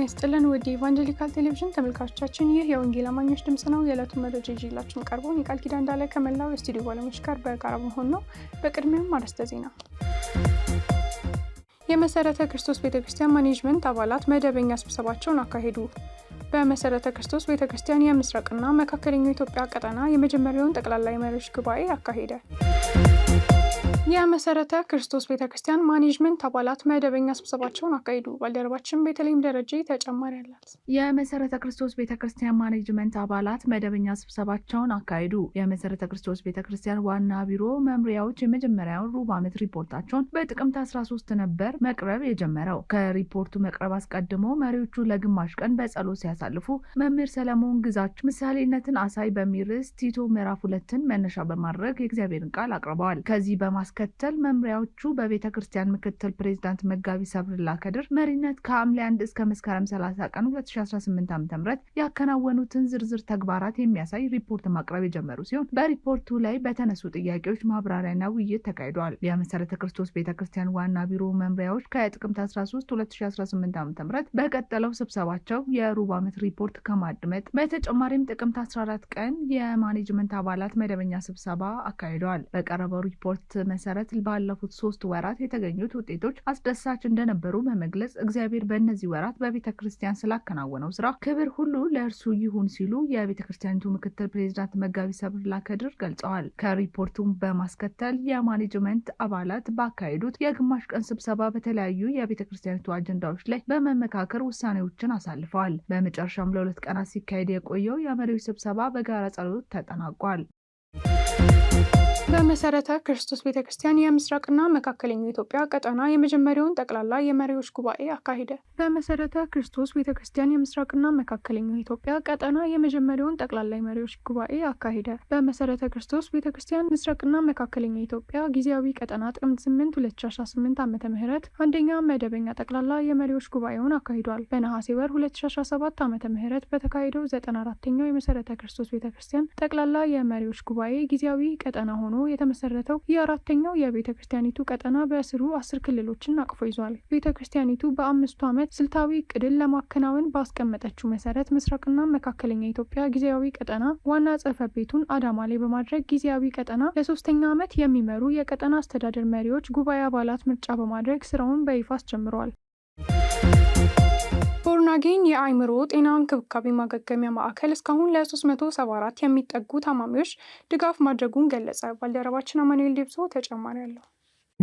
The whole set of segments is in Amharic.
ጤና ይስጥልን ውድ ኢቫንጀሊካል ቴሌቪዥን ተመልካቾቻችን፣ ይህ የወንጌል አማኞች ድምፅ ነው። የዕለቱ መረጃ ይዤላችሁ የምቀርበው የቃል ኪዳን እንዳለ ከመላው የስቱዲዮ ባለሙያዎች ጋር በጋራ መሆን ነው። በቅድሚያም አርዕስተ ዜና። የመሰረተ ክርስቶስ ቤተ ክርስቲያን ማኔጅመንት አባላት መደበኛ ስብሰባቸውን አካሄዱ። በመሰረተ ክርስቶስ ቤተ ክርስቲያን የምስራቅና መካከለኛው ኢትዮጵያ ቀጠና የመጀመሪያውን ጠቅላላ የመሪዎች ጉባኤ አካሄደ። የመሰረተ ክርስቶስ ቤተክርስቲያን ማኔጅመንት አባላት መደበኛ ስብሰባቸውን አካሂዱ። ባልደረባችን በተለይም ደረጀ ተጨማሪ አላት። የመሰረተ ክርስቶስ ቤተክርስቲያን ማኔጅመንት አባላት መደበኛ ስብሰባቸውን አካሂዱ። የመሰረተ ክርስቶስ ቤተክርስቲያን ዋና ቢሮ መምሪያዎች የመጀመሪያውን ሩብ ዓመት ሪፖርታቸውን በጥቅምት 13 ነበር መቅረብ የጀመረው። ከሪፖርቱ መቅረብ አስቀድሞ መሪዎቹ ለግማሽ ቀን በጸሎት ሲያሳልፉ መምህር ሰለሞን ግዛች ምሳሌነትን አሳይ በሚል ርዕስ ቲቶ ምዕራፍ ሁለትን መነሻ በማድረግ የእግዚአብሔርን ቃል አቅርበዋል። ከዚህ በማ በማስከተል መምሪያዎቹ በቤተ ክርስቲያን ምክትል ፕሬዚዳንት መጋቢ ሰብርላ ከድር መሪነት ከሐምሌ 1 እስከ መስከረም 30 ቀን 2018 ዓ.ም ያከናወኑትን ዝርዝር ተግባራት የሚያሳይ ሪፖርት ማቅረብ የጀመሩ ሲሆን በሪፖርቱ ላይ በተነሱ ጥያቄዎች ማብራሪያና ውይይት ተካሂደዋል። የመሰረተ ክርስቶስ ቤተ ክርስቲያን ዋና ቢሮ መምሪያዎች ከጥቅምት 13 2018 ዓ.ም በቀጠለው ስብሰባቸው የሩብ ዓመት ሪፖርት ከማድመጥ በተጨማሪም ጥቅምት 14 ቀን የማኔጅመንት አባላት መደበኛ ስብሰባ አካሂደዋል። በቀረበው ሪፖርት መሰረት ባለፉት ሶስት ወራት የተገኙት ውጤቶች አስደሳች እንደነበሩ በመግለጽ እግዚአብሔር በእነዚህ ወራት በቤተ ክርስቲያን ስላከናወነው ስራ ክብር ሁሉ ለእርሱ ይሁን ሲሉ የቤተ ክርስቲያኒቱ ምክትል ፕሬዚዳንት መጋቢ ሰብርላ ከድር ገልጸዋል። ከሪፖርቱም በማስከተል የማኔጅመንት አባላት ባካሄዱት የግማሽ ቀን ስብሰባ በተለያዩ የቤተ ክርስቲያኒቱ አጀንዳዎች ላይ በመመካከር ውሳኔዎችን አሳልፈዋል። በመጨረሻም ለሁለት ቀናት ሲካሄድ የቆየው የመሪዎች ስብሰባ በጋራ ጸሎት ተጠናቋል። በመሰረተ ክርስቶስ ቤተ ክርስቲያን የምስራቅና መካከለኛው ኢትዮጵያ ቀጠና የመጀመሪያውን ጠቅላላ የመሪዎች ጉባኤ አካሄደ። በመሰረተ ክርስቶስ ቤተ ክርስቲያን የምስራቅና መካከለኛው ኢትዮጵያ ቀጠና የመጀመሪያውን ጠቅላላ የመሪዎች ጉባኤ አካሄደ። በመሰረተ ክርስቶስ ቤተ ክርስቲያን ምስራቅና መካከለኛው ኢትዮጵያ ጊዜያዊ ቀጠና ጥቅምት 8 2018 ዓመተ ምህረት አንደኛ መደበኛ ጠቅላላ የመሪዎች ጉባኤውን አካሂዷል። በነሐሴ ወር 2017 ዓመተ ምህረት በተካሄደው 94ኛው የመሰረተ ክርስቶስ ቤተ ክርስቲያን ጠቅላላ የመሪዎች ጉባኤ ጊዜያዊ ቀጠና ሆኖ የተመሰረተው የአራተኛው የቤተ ክርስቲያኒቱ ቀጠና በስሩ አስር ክልሎችን አቅፎ ይዟል። ቤተ ክርስቲያኒቱ በአምስቱ ዓመት ስልታዊ እቅድን ለማከናወን ባስቀመጠችው መሰረት ምስራቅና መካከለኛ ኢትዮጵያ ጊዜያዊ ቀጠና ዋና ጽሕፈት ቤቱን አዳማ ላይ በማድረግ ጊዜያዊ ቀጠና ለሶስተኛ ዓመት የሚመሩ የቀጠና አስተዳደር መሪዎች ጉባኤ አባላት ምርጫ በማድረግ ስራውን በይፋ አስጀምረዋል። በጉራጌን የአእምሮ ጤና እንክብካቤ ማገገሚያ ማዕከል እስካሁን ለ374 የሚጠጉ ታማሚዎች ድጋፍ ማድረጉን ገለጸ። ባልደረባችን አማኑኤል ዴብሶ ተጨማሪ አለው።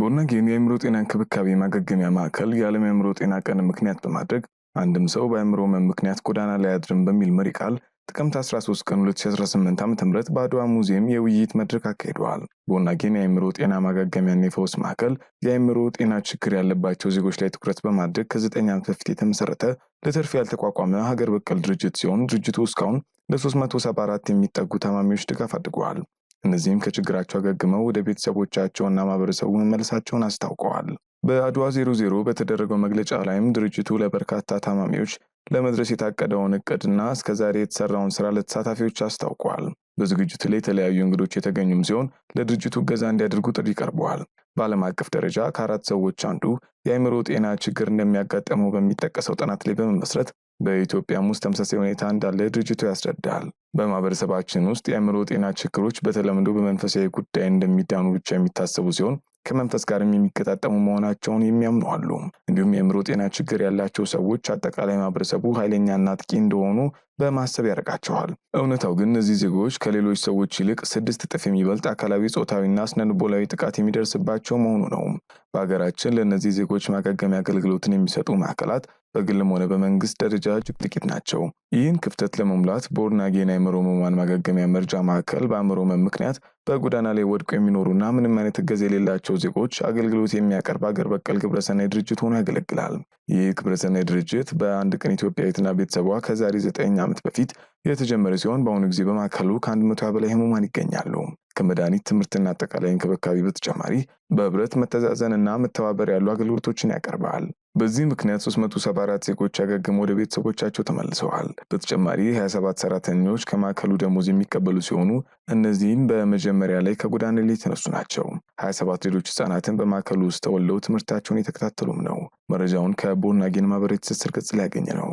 በጉራጌን የአእምሮ ጤና እንክብካቤ ማገገሚያ ማዕከል የዓለም የአእምሮ ጤና ቀን ምክንያት በማድረግ አንድም ሰው በአእምሮ ሕመም ምክንያት ጎዳና ላይ አድርም በሚል መሪ ቃል ጥቅምት 13 ቀን 2018 ዓ ም በአድዋ ሙዚየም የውይይት መድረክ አካሂደዋል። በወናጌን የአእምሮ ጤና ማገገሚያና የፈውስ ማዕከል የአእምሮ ጤና ችግር ያለባቸው ዜጎች ላይ ትኩረት በማድረግ ከ9 ዓመት በፊት የተመሰረተ ለትርፍ ያልተቋቋመ ሀገር በቀል ድርጅት ሲሆን ድርጅቱ እስካሁን ለ374 የሚጠጉ ታማሚዎች ድጋፍ አድርገዋል። እነዚህም ከችግራቸው አገግመው ወደ ቤተሰቦቻቸውና ማህበረሰቡ መመለሳቸውን አስታውቀዋል። በአድዋ ዜሮ ዜሮ በተደረገው መግለጫ ላይም ድርጅቱ ለበርካታ ታማሚዎች ለመድረስ የታቀደውን እቅድና እስከዛሬ የተሰራውን ስራ ለተሳታፊዎች አስታውቋል። በዝግጅቱ ላይ የተለያዩ እንግዶች የተገኙም ሲሆን ለድርጅቱ እገዛ እንዲያደርጉ ጥሪ ቀርበዋል። በዓለም አቀፍ ደረጃ ከአራት ሰዎች አንዱ የአእምሮ ጤና ችግር እንደሚያጋጠመው በሚጠቀሰው ጥናት ላይ በመመስረት በኢትዮጵያም ውስጥ ተመሳሳይ ሁኔታ እንዳለ ድርጅቱ ያስረዳል። በማህበረሰባችን ውስጥ የአእምሮ ጤና ችግሮች በተለምዶ በመንፈሳዊ ጉዳይ እንደሚዳኑ ብቻ የሚታሰቡ ሲሆን ከመንፈስ ጋርም የሚገጣጠሙ መሆናቸውን የሚያምኑ አሉ። እንዲሁም የአእምሮ ጤና ችግር ያላቸው ሰዎች አጠቃላይ ማህበረሰቡ ኃይለኛና አጥቂ እንደሆኑ በማሰብ ያረቃቸዋል። እውነታው ግን እነዚህ ዜጎች ከሌሎች ሰዎች ይልቅ ስድስት እጥፍ የሚበልጥ አካላዊ፣ ጾታዊና ስነልቦላዊ ጥቃት የሚደርስባቸው መሆኑ ነው። በሀገራችን ለእነዚህ ዜጎች ማገገሚያ አገልግሎትን የሚሰጡ ማዕከላት በግልም ሆነ በመንግስት ደረጃ እጅግ ጥቂት ናቸው። ይህን ክፍተት ለመሙላት በኦርናጌን አእምሮ ህሙማን ማገገሚያ መርጃ ማዕከል በአእምሮ ህመም ምክንያት በጎዳና ላይ ወድቆ የሚኖሩና ምንም አይነት እገዛ የሌላቸው ዜጎች አገልግሎት የሚያቀርብ አገር በቀል ግብረሰናይ ድርጅት ሆኖ ያገለግላል። ይህ ግብረሰናይ ድርጅት በአንድ ቀን ኢትዮጵያዊትና ቤተሰቧ ከዛሬ ዘጠኝ ዓመት በፊት የተጀመረ ሲሆን በአሁኑ ጊዜ በማዕከሉ ከአንድ መቶ በላይ ህሙማን ይገኛሉ። ከመድኃኒት ትምህርትና አጠቃላይ እንክብካቤ በተጨማሪ በህብረት መተዛዘንና መተባበር ያሉ አገልግሎቶችን ያቀርባል። በዚህ ምክንያት 374 ዜጎች አገግመው ወደ ቤተሰቦቻቸው ተመልሰዋል። በተጨማሪ 27 ሰራተኞች ከማዕከሉ ደሞዝ የሚቀበሉ ሲሆኑ እነዚህም በመጀመሪያ ላይ ከጎዳና ላይ የተነሱ ናቸው። 27 ሌሎች ህጻናትን በማዕከሉ ውስጥ ተወልደው ትምህርታቸውን የተከታተሉም ነው። መረጃውን ከቦና ማህበራዊ ትስስር ገጽ ላይ ያገኘ ነው።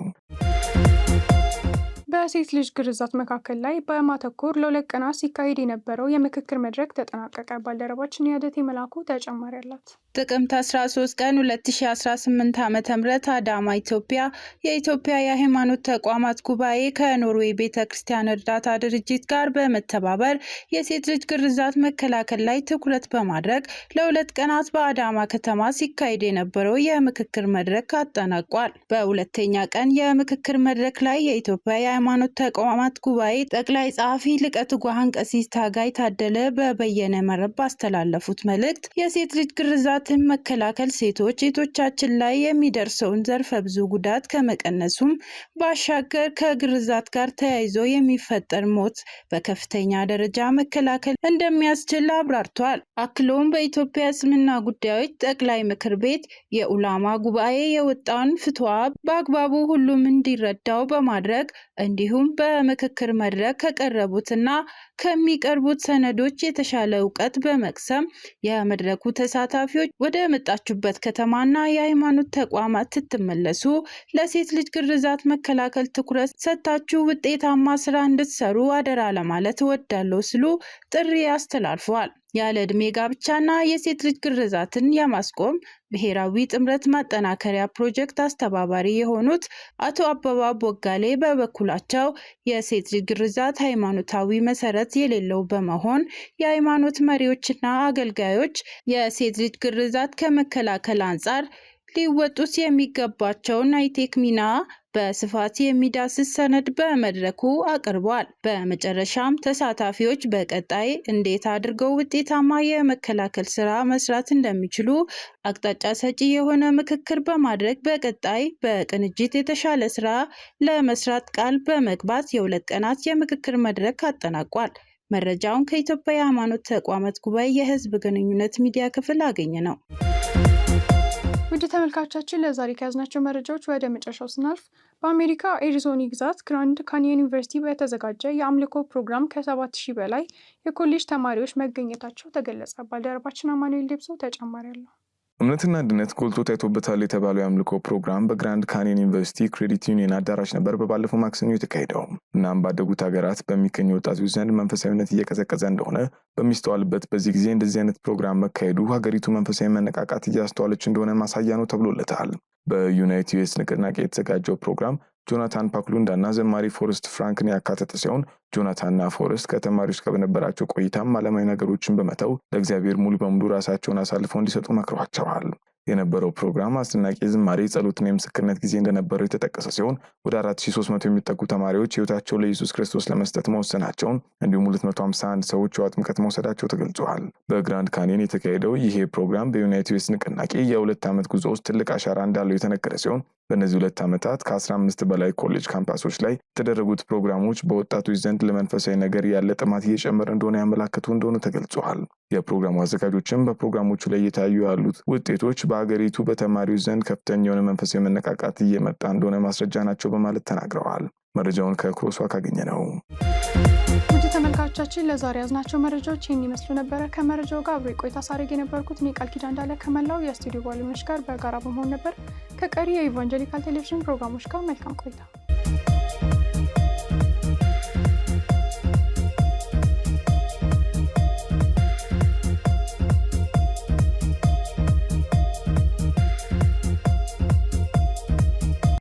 በሴት ልጅ ግርዛት መካከል ላይ በማተኮር ለሁለት ቀናት ሲካሄድ የነበረው የምክክር መድረክ ተጠናቀቀ። ባልደረባችን የአደቴ መላኩ ተጨማሪ አላት። ጥቅምት 13 ቀን 2018 ዓ ም አዳማ ኢትዮጵያ የኢትዮጵያ የሃይማኖት ተቋማት ጉባኤ ከኖርዌይ ቤተ ክርስቲያን እርዳታ ድርጅት ጋር በመተባበር የሴት ልጅ ግርዛት መከላከል ላይ ትኩረት በማድረግ ለሁለት ቀናት በአዳማ ከተማ ሲካሄድ የነበረው የምክክር መድረክ አጠናቋል። በሁለተኛ ቀን የምክክር መድረክ ላይ የኢትዮጵያ የሃይማኖት ተቋማት ጉባኤ ጠቅላይ ጸሐፊ ሊቀ ትጉሃን ቀሲስ ታጋይ ታደለ በበየነ መረብ ባስተላለፉት መልእክት የሴት ልጅ ግርዛትን መከላከል ሴቶች ሴቶቻችን ላይ የሚደርሰውን ዘርፈ ብዙ ጉዳት ከመቀነሱም ባሻገር ከግርዛት ጋር ተያይዞ የሚፈጠር ሞት በከፍተኛ ደረጃ መከላከል እንደሚያስችል አብራርቷል። አክሎም በኢትዮጵያ እስልምና ጉዳዮች ጠቅላይ ምክር ቤት የኡላማ ጉባኤ የወጣውን ፍትዋ በአግባቡ ሁሉም እንዲረዳው በማድረግ እንዲሁም በምክክር መድረክ ከቀረቡትና ከሚቀርቡት ሰነዶች የተሻለ እውቀት በመቅሰም የመድረኩ ተሳታፊዎች ወደ መጣችሁበት ከተማና የሃይማኖት ተቋማት ስትመለሱ ለሴት ልጅ ግርዛት መከላከል ትኩረት ሰጥታችሁ ውጤታማ ስራ እንድትሰሩ አደራ ለማለት እወዳለሁ ሲሉ ጥሪ አስተላልፈዋል። ያለ ዕድሜ ጋብቻና የሴት ልጅ ግርዛትን የማስቆም ብሔራዊ ጥምረት ማጠናከሪያ ፕሮጀክት አስተባባሪ የሆኑት አቶ አበባ ቦጋሌ በበኩላቸው የሴት ልጅ ግርዛት ሃይማኖታዊ መሰረት የሌለው በመሆን የሃይማኖት መሪዎችና አገልጋዮች የሴት ልጅ ግርዛት ከመከላከል አንጻር ሊወጡት የሚገባቸውን አይቴክ ሚና በስፋት የሚዳስስ ሰነድ በመድረኩ አቅርቧል። በመጨረሻም ተሳታፊዎች በቀጣይ እንዴት አድርገው ውጤታማ የመከላከል ስራ መስራት እንደሚችሉ አቅጣጫ ሰጪ የሆነ ምክክር በማድረግ በቀጣይ በቅንጅት የተሻለ ስራ ለመስራት ቃል በመግባት የሁለት ቀናት የምክክር መድረክ አጠናቋል። መረጃውን ከኢትዮጵያ የሃይማኖት ተቋማት ጉባኤ የህዝብ ግንኙነት ሚዲያ ክፍል አገኘ ነው። ውድ ተመልካቻችን ለዛሬ ከያዝናቸው መረጃዎች ወደ መጨረሻው ስናልፍ በአሜሪካ ኤሪዞኒ ግዛት ግራንድ ካኒየን ዩኒቨርሲቲ በተዘጋጀ የአምልኮ ፕሮግራም ከሰባት ሺህ በላይ የኮሌጅ ተማሪዎች መገኘታቸው ተገለጸ። ባልደረባችን አማኑኤል ደብሶ ተጨማሪ አለው። እምነትና አንድነት ጎልቶ ታይቶበታል የተባለው የአምልኮ ፕሮግራም በግራንድ ካንየን ዩኒቨርሲቲ ክሬዲት ዩኒየን አዳራሽ ነበር በባለፈው ማክሰኞ የተካሄደው። እናም ባደጉት ሀገራት በሚገኙ ወጣቶች ዘንድ መንፈሳዊነት እየቀዘቀዘ እንደሆነ በሚስተዋልበት በዚህ ጊዜ እንደዚህ አይነት ፕሮግራም መካሄዱ ሀገሪቱ መንፈሳዊ መነቃቃት እያስተዋለች እንደሆነ ማሳያ ነው ተብሎለታል። በዩናይት ዩኤስ ንቅናቄ የተዘጋጀው ፕሮግራም ጆናታን ፓክሉንዳ እና ዘማሪ ፎረስት ፍራንክን ያካተተ ሲሆን ጆናታንና ፎረስት ከተማሪዎች ጋር በነበራቸው ቆይታም ዓለማዊ ነገሮችን በመተው ለእግዚአብሔር ሙሉ በሙሉ ራሳቸውን አሳልፈው እንዲሰጡ መክሯቸዋል። የነበረው ፕሮግራም አስደናቂ ዝማሬ፣ ጸሎትና የምስክርነት ጊዜ እንደነበረው የተጠቀሰ ሲሆን ወደ 4300 የሚጠጉ ተማሪዎች ሕይወታቸው ለኢየሱስ ክርስቶስ ለመስጠት መወሰናቸውን እንዲሁም 251 ሰዎች የውሃ ጥምቀት መውሰዳቸው ተገልጿል። በግራንድ ካንየን የተካሄደው ይሄ ፕሮግራም በዩናይትድ ስቴትስ ንቅናቄ የሁለት ዓመት ጉዞ ውስጥ ትልቅ አሻራ እንዳለው የተነገረ ሲሆን በእነዚህ ሁለት ዓመታት ከ15 በላይ ኮሌጅ ካምፓሶች ላይ የተደረጉት ፕሮግራሞች በወጣቶች ዘንድ ለመንፈሳዊ ነገር ያለ ጥማት እየጨመረ እንደሆነ ያመላከቱ እንደሆነ ተገልጿል። የፕሮግራሙ አዘጋጆችም በፕሮግራሞቹ ላይ እየታዩ ያሉት ውጤቶች በአገሪቱ በተማሪዎች ዘንድ ከፍተኛ የሆነ መንፈሳዊ መነቃቃት እየመጣ እንደሆነ ማስረጃ ናቸው በማለት ተናግረዋል። መረጃውን ከክሮሷ ካገኘ ነው። ተመልካቾቻችን ለዛሬ ያዝናቸው መረጃዎች ይህን ይመስሉ ነበረ። ከመረጃው ጋር አብሬ ቆይታ ሳረግ የነበርኩት እኔ ቃል ኪዳ እንዳለ ከመላው የስቱዲዮ ባለሙያዎች ጋር በጋራ በመሆን ነበር። ከቀሪ የኢቫንጀሊካል ቴሌቪዥን ፕሮግራሞች ጋር መልካም ቆይታ